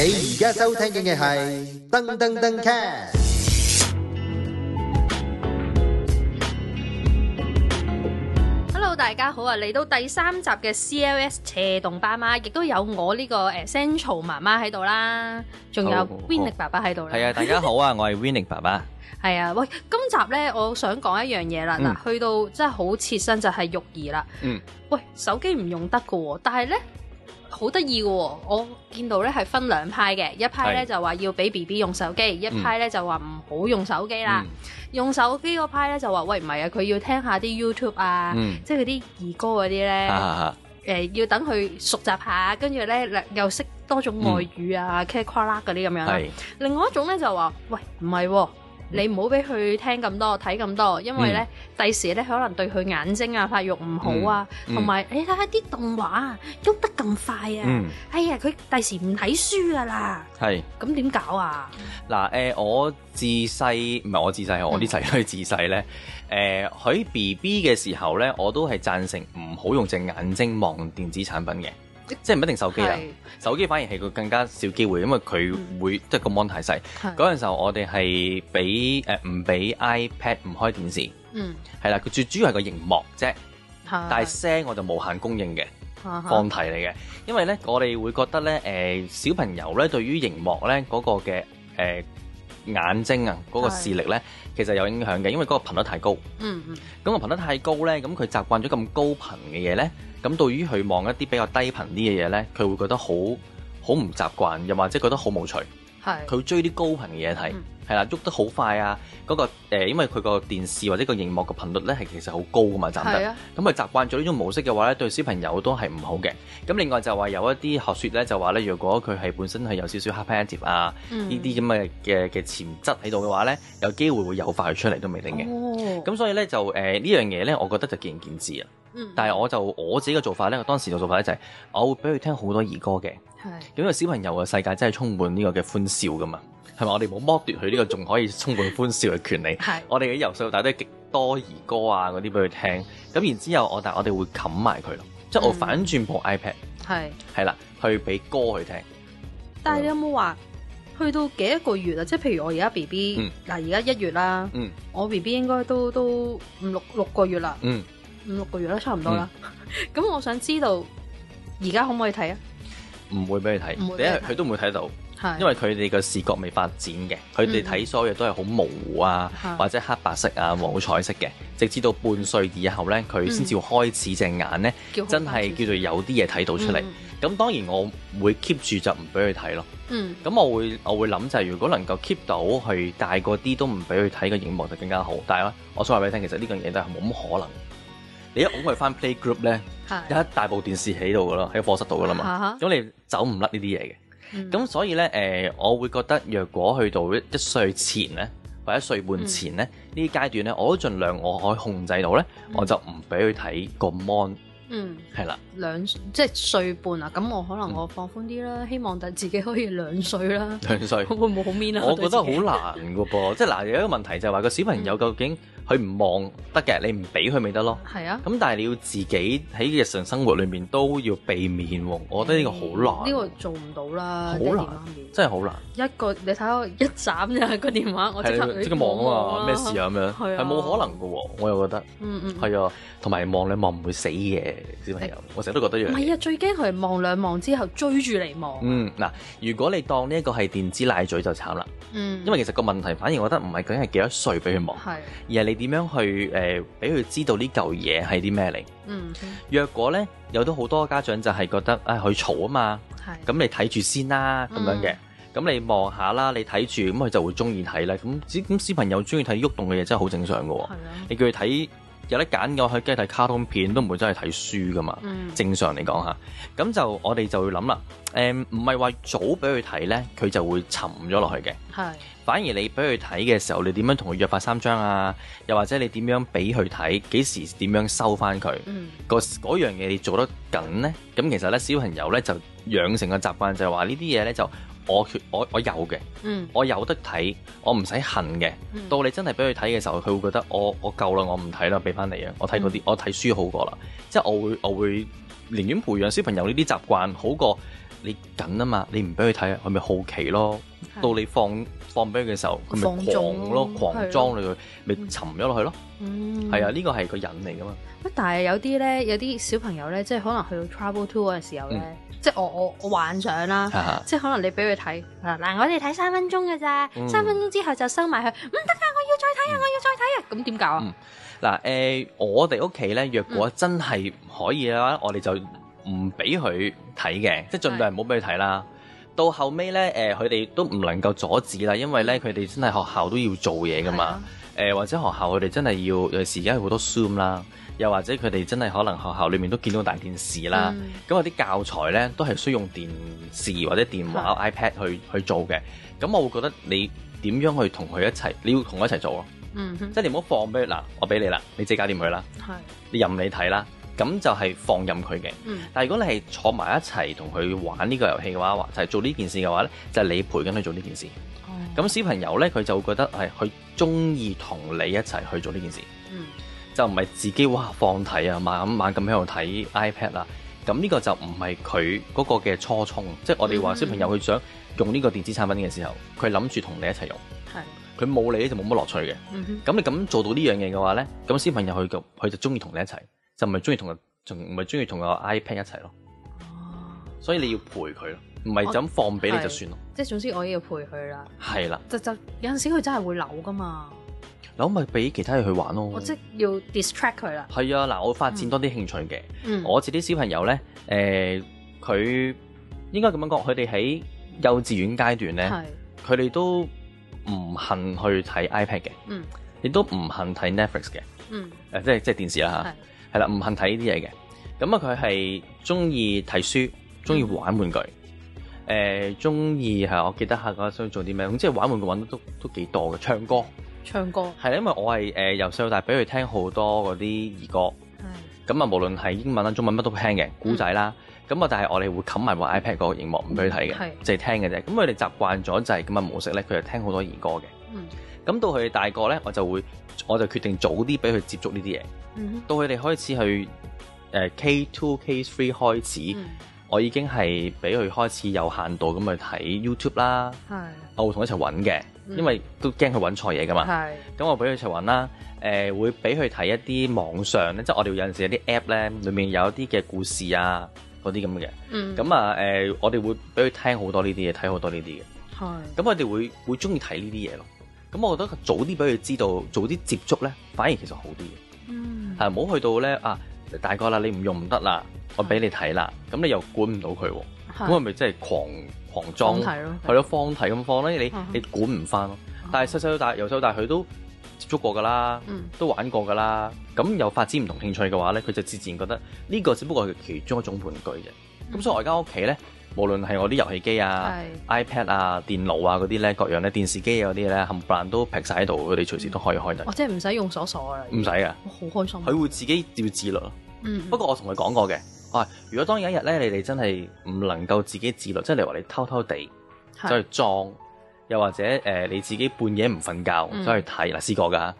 你而家收聽嘅係噔噔噔 cast。Hello，大家好啊！嚟到第三集嘅 CLS 斜動爸媽，亦都有我呢個誒 Central 媽媽喺度啦，仲有 Winning 爸爸喺度啦。係啊，大家好啊，我係 Winning 爸爸。係啊，喂，今集咧，我想講一樣嘢啦。嗱，去到真係好切身，就係育兒啦。嗯。喂，手機唔用得噶喎，但係咧。好得意嘅喎，我見到咧係分兩派嘅，一派咧是就話要俾 B B 用手機，一派咧、嗯、就話唔好用手機啦。嗯、用手機嗰派咧就話喂唔係啊，佢要聽下啲 YouTube 啊，嗯、即係佢啲兒歌嗰啲咧，誒要等佢熟習下，跟住咧又識多種外語啊、嗯、cat call 嗰啲咁樣。另外一種咧就話喂唔係喎。你唔好俾佢聽咁多睇咁多，因為咧第時咧可能對佢眼睛啊發育唔好啊，同埋、嗯嗯、你睇下啲動畫啊，喐得咁快啊，嗯、哎呀佢第時唔睇書噶啦，係咁點搞啊？嗱，誒、呃、我自細唔係我自細，我啲仔女自細咧，誒喺 B B 嘅時候咧，我都係贊成唔好用隻眼睛望電子產品嘅。即係唔一定手機呀，手機反而係個更加少機會，因為佢會即係個 mon 太細。嗰陣時候我哋係俾誒唔俾 iPad 唔開電視，係啦，佢最主要係個熒幕啫，但係聲我就無限供應嘅，放題嚟嘅。因為咧我哋會覺得咧誒小朋友咧對於熒幕咧嗰個嘅誒眼睛啊嗰個視力咧其實有影響嘅，因為嗰個頻率太高。嗯嗯，咁個頻率太高咧，咁佢習慣咗咁高頻嘅嘢咧。咁對於佢望一啲比較低頻啲嘅嘢咧，佢會覺得好好唔習慣，又或者覺得好無趣。係佢的追啲高頻嘅嘢睇，係啦，嗯，喐得好快啊！嗰，那個、呃、因為佢個電視或者個熒幕嘅頻率咧，係其實好高㗎嘛，暫得。咁咪的習慣咗呢種模式嘅話咧，對小朋友都係唔好嘅。咁另外就話有一啲學説咧，就話咧，如果佢係本身係有少少黑斑點啊，呢啲咁嘅嘅嘅潛質喺度嘅話咧，有機會會誘發佢出嚟都未定嘅。咁、哦、所以咧就、呃、樣呢樣嘢咧，我覺得就見仁見智啊。但係我就我自己嘅做法咧，我當時嘅做法咧就係，我會俾佢聽好多兒歌嘅。係咁因為小朋友嘅世界真係充滿呢個嘅歡笑噶嘛，係咪？我哋冇剝奪佢呢個仲可以充滿歡笑嘅權利。係我哋嘅由細到大都極多兒歌啊，嗰啲俾佢聽。咁然之後我但係我哋會冚埋佢咯，即係我反轉部 iPad。係係啦，去俾歌去聽。但係你有冇話去到幾多個月啊？即係譬如我而家 B B，嗱而家一月啦。我 B B 應該都都五六六個月啦。嗯。五六個月啦，差唔多啦。咁、嗯、我想知道，而家可唔可以睇啊？唔會俾佢睇，佢都唔會睇到，是因為佢哋嘅視覺未發展嘅，佢哋睇所有嘢都係好模糊啊，是或者黑白色啊，冇彩色嘅。直至到半歲以後呢，佢先至會開始隻眼呢，嗯、真係叫做有啲嘢睇到出嚟。咁當然我會 keep 住就唔俾佢睇咯。嗯，咁我會我會諗就係如果能夠 keep 到去大個啲，都唔俾佢睇個螢幕就更加好。但係咧，我想話俾你聽，其實呢樣嘢都係冇乜可能。你一㧬佢翻 playgroup 咧，有一大部電視喺度噶喇，喺課室度噶啦嘛。咁你走唔甩呢啲嘢嘅。咁所以咧，誒，我會覺得若果去到一歲前咧，或者一歲半前咧，呢啲階段咧，我都盡量我可以控制到咧，我就唔俾佢睇個 mon。嗯，係啦。兩即係歲半啊，咁我可能我放寬啲啦，希望等自己可以兩歲啦。兩歲會唔會好 mean 啊？我覺得好難噶噃，即係嗱，有一個問題就係話個小朋友究竟。佢唔望得嘅，你唔俾佢咪得咯。係啊，咁但係你要自己喺日常生活裏面都要避免喎。我覺得呢個好難。呢個做唔到啦，好難真係好難。一個你睇下一斬就係個電話，我即刻即刻望啊嘛，咩事啊咁樣係冇可能㗎喎。我又覺得嗯係啊，同埋望兩望唔會死嘅小朋友，我成日都覺得樣唔係啊，最驚佢望兩望之後追住嚟望。嗯，嗱，如果你當呢一個係電子奶嘴就慘啦。嗯，因為其實個問題反而我覺得唔係究竟係幾多歲俾佢望，而係你。點樣去誒俾佢知道呢嚿嘢係啲咩嚟？嗯，若果呢，有咗好多家長就係覺得啊，佢嘈啊嘛，咁的你睇住先啦咁、嗯、樣嘅，咁你望下啦，你睇住咁佢就會中意睇啦。咁小朋友中意睇喐動嘅嘢真係好正常㗎喎、哦，的你叫佢睇，有得揀嘅，佢梗係睇卡通片，都唔會真係睇書噶嘛。嗯、正常嚟講下咁就我哋就會諗啦。唔係話早俾佢睇咧，佢就會沉咗落去嘅。係，反而你俾佢睇嘅時候，你點樣同佢約法三章啊？又或者你點樣俾佢睇？幾時點樣收翻佢？嗰、嗯、樣嘢你做得緊咧，咁其實咧小朋友咧就養成個習慣，就係、係、話呢啲嘢咧就。我我我有嘅，我有、嗯、我有得睇，我唔使恨嘅。到你真係俾佢睇嘅時候，佢會覺得我我夠啦，我唔睇啦，俾翻你啊！我睇嗰啲，嗯、我睇書好過啦。即係我會我會寧願培養小朋友呢啲習慣，好過。你緊啊嘛，你唔俾佢睇，佢咪好奇咯。到你放放俾佢嘅時候，佢咪狂咯，狂裝你佢，咪沉咗落去咯。嗯，係啊，呢個係個人嚟噶嘛。喂，但係有啲咧，有啲小朋友咧，即係可能去到 trouble two 嘅時候咧，即係我我我幻想啦，即係可能你俾佢睇，嗱，我哋睇三分鐘嘅啫，三分鐘之後就收埋佢，唔得啊，我要再睇啊，我要再睇啊，咁點搞啊？嗱，誒，我哋屋企咧，若果真係唔可以嘅話，我哋就。唔俾佢睇嘅，即係盡量唔好俾佢睇啦。是的 到後尾呢，呃、佢哋都唔能夠阻止啦，因為呢，佢哋真係學校都要做嘢噶嘛是的、呃。或者學校佢哋真係要，有時而家好多 Zoom 啦，又或者佢哋真係可能學校裏面都見到大電視啦。咁有啲教材呢，都係需要用電視或者電話 iPad 去是的 去做嘅。咁我會覺得你點樣去同佢一齊？你要同佢一齊做咯。嗯、哼 即係你唔好放俾佢，嗱，我俾你啦，你自己搞掂佢啦。是的 你任你睇啦。咁就係放任佢嘅。但如果你係坐埋一齊同佢玩呢個遊戲嘅話,話，或就係做呢件事嘅話呢就係你陪緊佢做呢件事。咁、oh. 小朋友呢，佢就會覺得係佢中意同你一齊去做呢件事，oh. 就唔係自己哇放題啊，慢慢咁喺度睇 iPad 啦。咁呢個就唔係佢嗰個嘅初衷，即、就、係、是、我哋話小朋友佢想用呢個電子產品嘅時候，佢諗住同你一齊用。佢冇、oh. 你就冇乜樂趣嘅。咁、oh. 你咁做到呢樣嘢嘅話呢，咁小朋友佢佢就中意同你一齊。就唔係中意同人，仲唔係中意同個 iPad 一齊咯。哦、啊，所以你要陪佢咯，唔係就咁放俾你就算咯。是即係總之，我要陪佢啦。係啦，就就有陣時佢真係會扭噶嘛，扭咪俾其他嘢去玩咯。我即係要 distract 佢啦。係啊，嗱，我發展多啲興趣嘅。嗯，我自己的小朋友咧，誒、呃，佢應該咁樣講，佢哋喺幼稚園階段咧，佢哋是都唔肯去睇 iPad 嘅。嗯，亦都唔肯睇 Netflix 嘅。嗯，誒、啊，即係即係電視啦吓。係啦，唔肯睇呢啲嘢嘅，咁啊佢係中意睇書，中意玩玩具，誒中意係我記得下個想做啲咩，咁即係玩玩具玩得都都幾多嘅，唱歌，唱歌，係啦，因為我係誒由細到大俾佢聽好多嗰啲兒歌，咁啊的無論係英文啦、中文乜都聽嘅，故仔啦，咁啊、嗯、但係我哋會冚埋部 iPad 個熒幕唔俾佢睇嘅，淨係、嗯、聽嘅啫，咁佢哋習慣咗就係咁嘅模式咧，佢就聽好多兒歌嘅。嗯咁到佢哋大個咧，我就會我就決定早啲俾佢接觸呢啲嘢。嗯、哼到佢哋開始去誒、呃、K two K three 開始，嗯、我已經係俾佢開始有限度咁去睇 YouTube 啦。係的，我會同佢一齊揾嘅，嗯、因為都驚佢揾錯嘢噶嘛。係咁的，我俾佢一齊揾啦。誒、呃，會俾佢睇一啲網上咧，即、就、係、是、我哋有陣時有啲 App 咧，裡面有一啲嘅故事啊，嗰啲咁嘅。嗯。咁啊誒、呃，我哋會俾佢聽好多呢啲嘢，睇好多呢啲嘅。係的。咁佢哋會會中意睇呢啲嘢咯。咁我覺得早啲俾佢知道，早啲接觸咧，反而其實好啲嘅，係唔好去到咧啊大個啦，你唔用唔得啦，我俾你睇啦，咁、嗯、你又管唔到佢，咁佢咪真係狂狂裝係咯，係咯，對的方放題咁放咧，你、嗯、你管唔翻咯。嗯、但係細細到大，由細到大佢都接觸過噶啦，嗯、都玩過噶啦，咁又發展唔同興趣嘅話咧，佢就自然覺得呢、呢個只不過係其中一種玩具啫。咁、嗯、所以我而家屋企咧。無論係我啲遊戲機啊、是 iPad 啊、電腦啊嗰啲咧，各樣咧電視機嗰啲咧，冚唪唥都劈晒喺度，佢哋隨時都可以開得。哦，即係唔使用鎖鎖啊，唔使嘅。好開心。佢會自己要自律咯。嗯。不過我同佢講過嘅，哇、啊！如果當有一日咧，你哋真係唔能夠自己自律，即係例如話你偷偷地走是去裝，又或者誒、呃、你自己半夜唔瞓覺走去睇，嗱試、嗯、過㗎，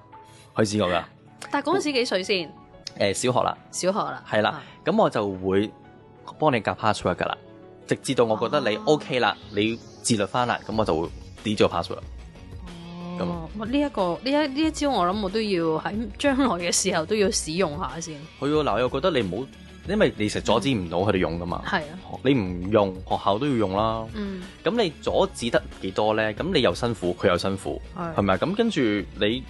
可以試過㗎。但係嗰陣時幾歲先？誒小學啦，小學,了小學了啦。係啦、嗯，咁我就會幫你夾 password 㗎啦。直至到我覺得你 OK 啦，啊、你自律翻啦，咁我就會 delete password。哦、啊，咁呢一呢一呢一招，我諗我都要喺將來嘅時候都要使用下先。佢喎，嗱，又覺得你唔好，因為你成日阻止唔到佢哋用噶嘛。係啊、嗯，你唔用學校都要用啦。嗯。咁你阻止得幾多咧？咁你又辛苦，佢又辛苦，係咪？咁跟住你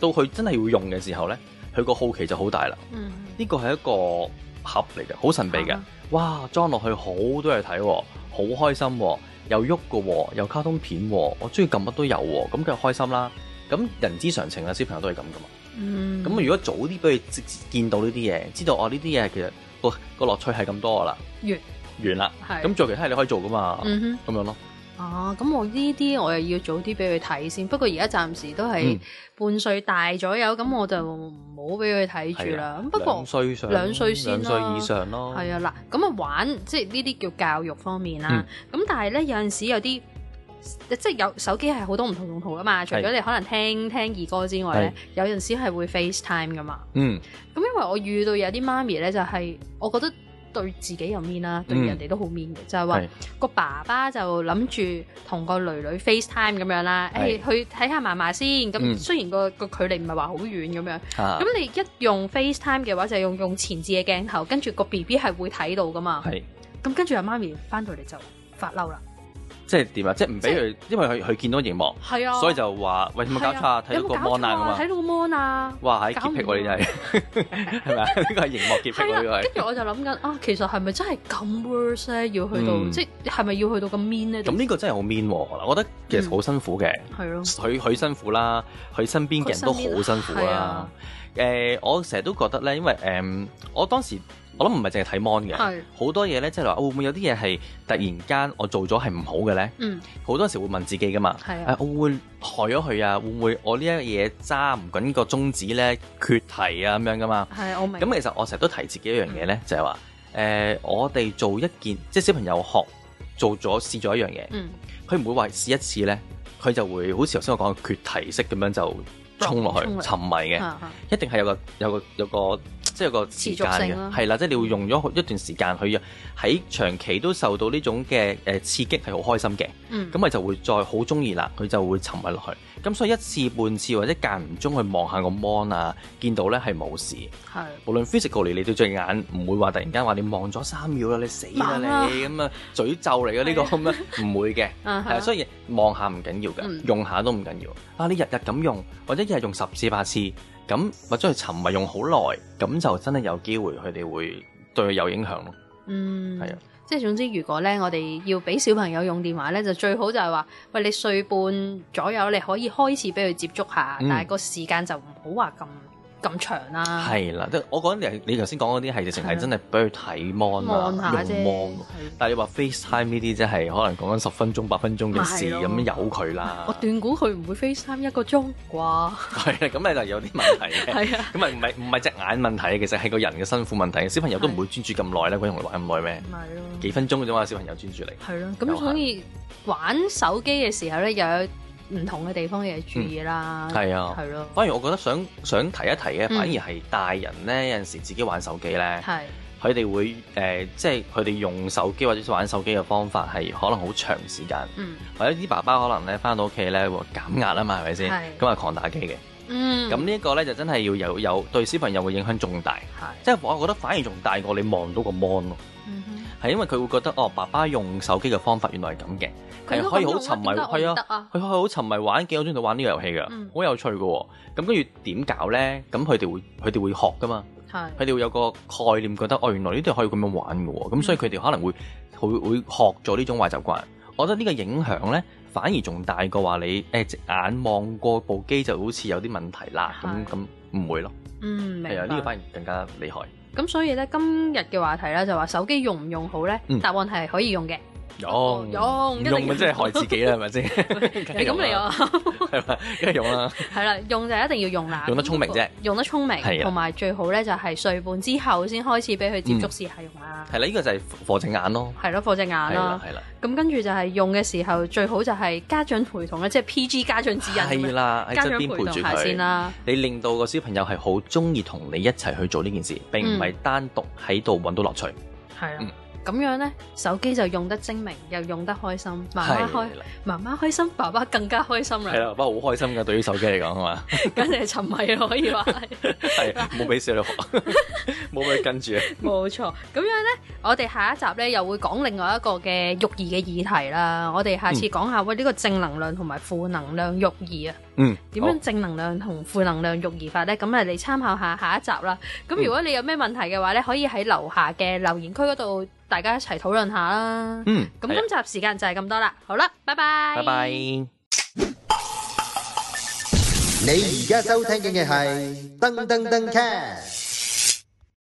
到佢真係要用嘅時候咧，佢個好奇就好大啦。嗯。呢個係一個。盒嚟嘅，好神秘嘅，啊、哇！裝落去好多嘢睇、啊，好開心、啊，又喐喎，又卡通片、啊，我中意撳乜都有、啊，咁佢開心啦、啊。咁人之常情啦、啊，小朋友都係咁噶嘛。嗯。咁如果早啲俾佢直接見到呢啲嘢，知道哦呢啲嘢其實個個樂趣係咁多啦。月完了。完啦是。係。咁做其他嘢你可以做噶嘛。咁、嗯、哼樣咯。啊，咁我呢啲我又要早啲俾佢睇先。不過而家暫時都係半歲大左右，咁、嗯、我就唔好俾佢睇住啦。的不過兩歲上兩歲先咯、啊，兩歲以上咯。係啊，嗱，咁啊玩即係呢啲叫教育方面啦、啊。咁、嗯、但係咧有陣時有啲，即係有手機係好多唔同用途噶嘛。除咗你可能聽聽兒歌之外咧，是有陣時係會 FaceTime 噶嘛。嗯。咁因為我遇到有啲媽咪咧，就係、是、我覺得。對自己又 mean 啦，對人哋都好 mean 嘅，就係話個爸爸就諗住同個女女 FaceTime 咁樣啦，誒是、欸、去睇下嫲嫲先，咁、嗯、雖然、個、個距離唔係話好遠咁樣，咁、啊、你一用 FaceTime 嘅話就係、用用前置嘅鏡頭，跟住個 BB 係會睇到噶嘛，咁是跟住阿媽咪翻到嚟就發嬲啦。即係點啊？即係唔俾佢，因為佢佢見到熒幕，所以就話喂冇搞錯啊？睇到個 mon 啊嘛，哇！係潔癖喎，你真係係咪啊？呢個係熒幕潔癖喎，呢個係。跟住我就諗緊啊，其實係咪真係咁 worse 咧？要去到即係咪要去到咁 mean 咧？咁呢個真係好 mean 喎！我覺得其實好辛苦嘅，佢佢辛苦啦，佢身邊嘅人都好辛苦啦。誒，我成日都覺得咧，因為誒，我當時。我諗唔係淨係睇 mon 嘅，是好多嘢咧即係話會唔會有啲嘢係突然間我做咗係唔好嘅咧？嗯，好多時會問自己噶嘛，係啊，啊，我會害咗佢啊？會唔會我呢一嘢揸唔緊個宗旨咧？缺堤啊咁樣噶嘛，係我明。咁其實我成日都提自己一樣嘢咧，就係話誒，我哋做一件即係、就是、小朋友學做咗試咗一樣嘢，嗯，佢唔會話試一次咧，佢就會好似頭先我講嘅缺堤式咁樣就。衝落去，沉迷嘅，一定係有個有個有個，即係個時間嘅，係啦，即係你會用咗一段時間佢喺長期都受到呢種嘅誒刺激，係好開心嘅，咁咪就會再好中意啦，佢就會沉迷落去。咁所以一次半次或者間唔中去望下個 mon 啊，見到咧係冇事，係無論 physically 你對隻眼，唔會話突然間話你望咗三秒啦，你死啦你咁啊，詛咒嚟嘅呢個咁樣，唔會嘅，係所以望下唔緊要㗎，用下都唔緊要。啊，你日日咁用或者。即係用十次、八次，咁或者係沉迷用好耐，咁就真係有機會，佢哋會對佢有影響咯。嗯，係啊，即係總之，如果咧我哋要俾小朋友用電話咧，就最好就係話，喂，你歲半左右你可以開始俾佢接觸下，嗯、但係個時間就唔好話咁。咁長啦、啊，係啦，即我講你，你頭先講嗰啲係直情係真係俾佢睇望啊，望下啫用望的，但係你話 FaceTime 呢啲、就是，即係可能講緊十分鐘、八分鐘嘅事咁樣由佢啦。我斷估佢唔會 FaceTime 一個鐘啩。係啊，咁咪就有啲問題嘅。係啊 的，咁咪唔係唔係隻眼問題，其實係個人嘅辛苦問題。小朋友都唔會專注咁耐呢，佢同你玩咁耐咩？係的幾分鐘嘅啫嘛，小朋友專注嚟。係咯，咁所以玩手機嘅時候咧，又有。唔同嘅地方嘅注意啦，係、嗯、啊，係咯、啊。反而我覺得想想提一提嘅，嗯、反而係大人咧有陣時自己玩手機咧，佢哋是會誒、呃，即係佢哋用手機或者玩手機嘅方法係可能好長時間，嗯、或者啲爸爸可能咧返到屋企咧會減壓啊嘛，係咪先？咁啊是狂打機嘅，咁、嗯、呢一個咧就真係要有有對小朋友會影響重大，即係是我覺得反而仲大過你望到個 mon 咯。嗯係因為佢會覺得哦，爸爸用手機嘅方法原來係咁嘅，係可以好沉迷落去啊！佢可以好沉迷玩嘅，好中意玩呢個遊戲㗎，好、嗯、有趣嘅、哦。咁跟住點搞咧？咁佢哋會佢哋會學㗎嘛？係，佢哋會有個概念覺得哦，原來呢啲可以咁樣玩㗎喎、哦。咁所以佢哋可能會會會學咗呢種壞習慣。我覺得呢個影響咧，反而仲大過話你誒直、呃、眼望過部機就好似有啲問題啦。咁咁唔會咯？嗯，明白係啊，呢、這個反而更加厲害。咁所以咧，今日嘅話題咧就話，手機用唔用好咧？嗯、答案係可以用嘅。用用用，即係害自己啦，係咪先？係咁嚟啊係咪？梗係用啦。係啦，用就一定要用啦。用得聰明啫，用得聰明，同埋最好咧就係歲半之後先開始俾佢接觸試下用啦。係啦，呢個就係放隻眼咯。係咯，放隻眼咯。係啦，係啦。咁跟住就係用嘅時候，最好就係家長陪同咧，即係 PG 家長指引啦，家長陪同下先啦。你令到個小朋友係好中意同你一齊去做呢件事，並唔係單獨喺度搵到樂趣。係啊。咁樣呢，手機就用得精明，又用得開心，媽媽開，媽媽開心，爸爸更加開心啦。係爸爸好開心噶，對於手機嚟講啊嘛，簡直係沉迷，可以話係。冇俾細路學，冇俾跟住。冇錯，咁樣呢，我哋下一集呢，又會講另外一個嘅育兒嘅議題啦。我哋下次講下喂呢個正能量同埋負能量育兒啊。嗯。點樣正能量同負能量育兒法呢？咁啊嚟參考下下一集啦。咁如果你有咩問題嘅話呢，可以喺樓下嘅留言區嗰度大家一齊討論下啦。嗯，咁今集時間就係咁多啦。好啦，的拜拜。拜拜，bye。你而家收聽緊嘅係登登登 cast。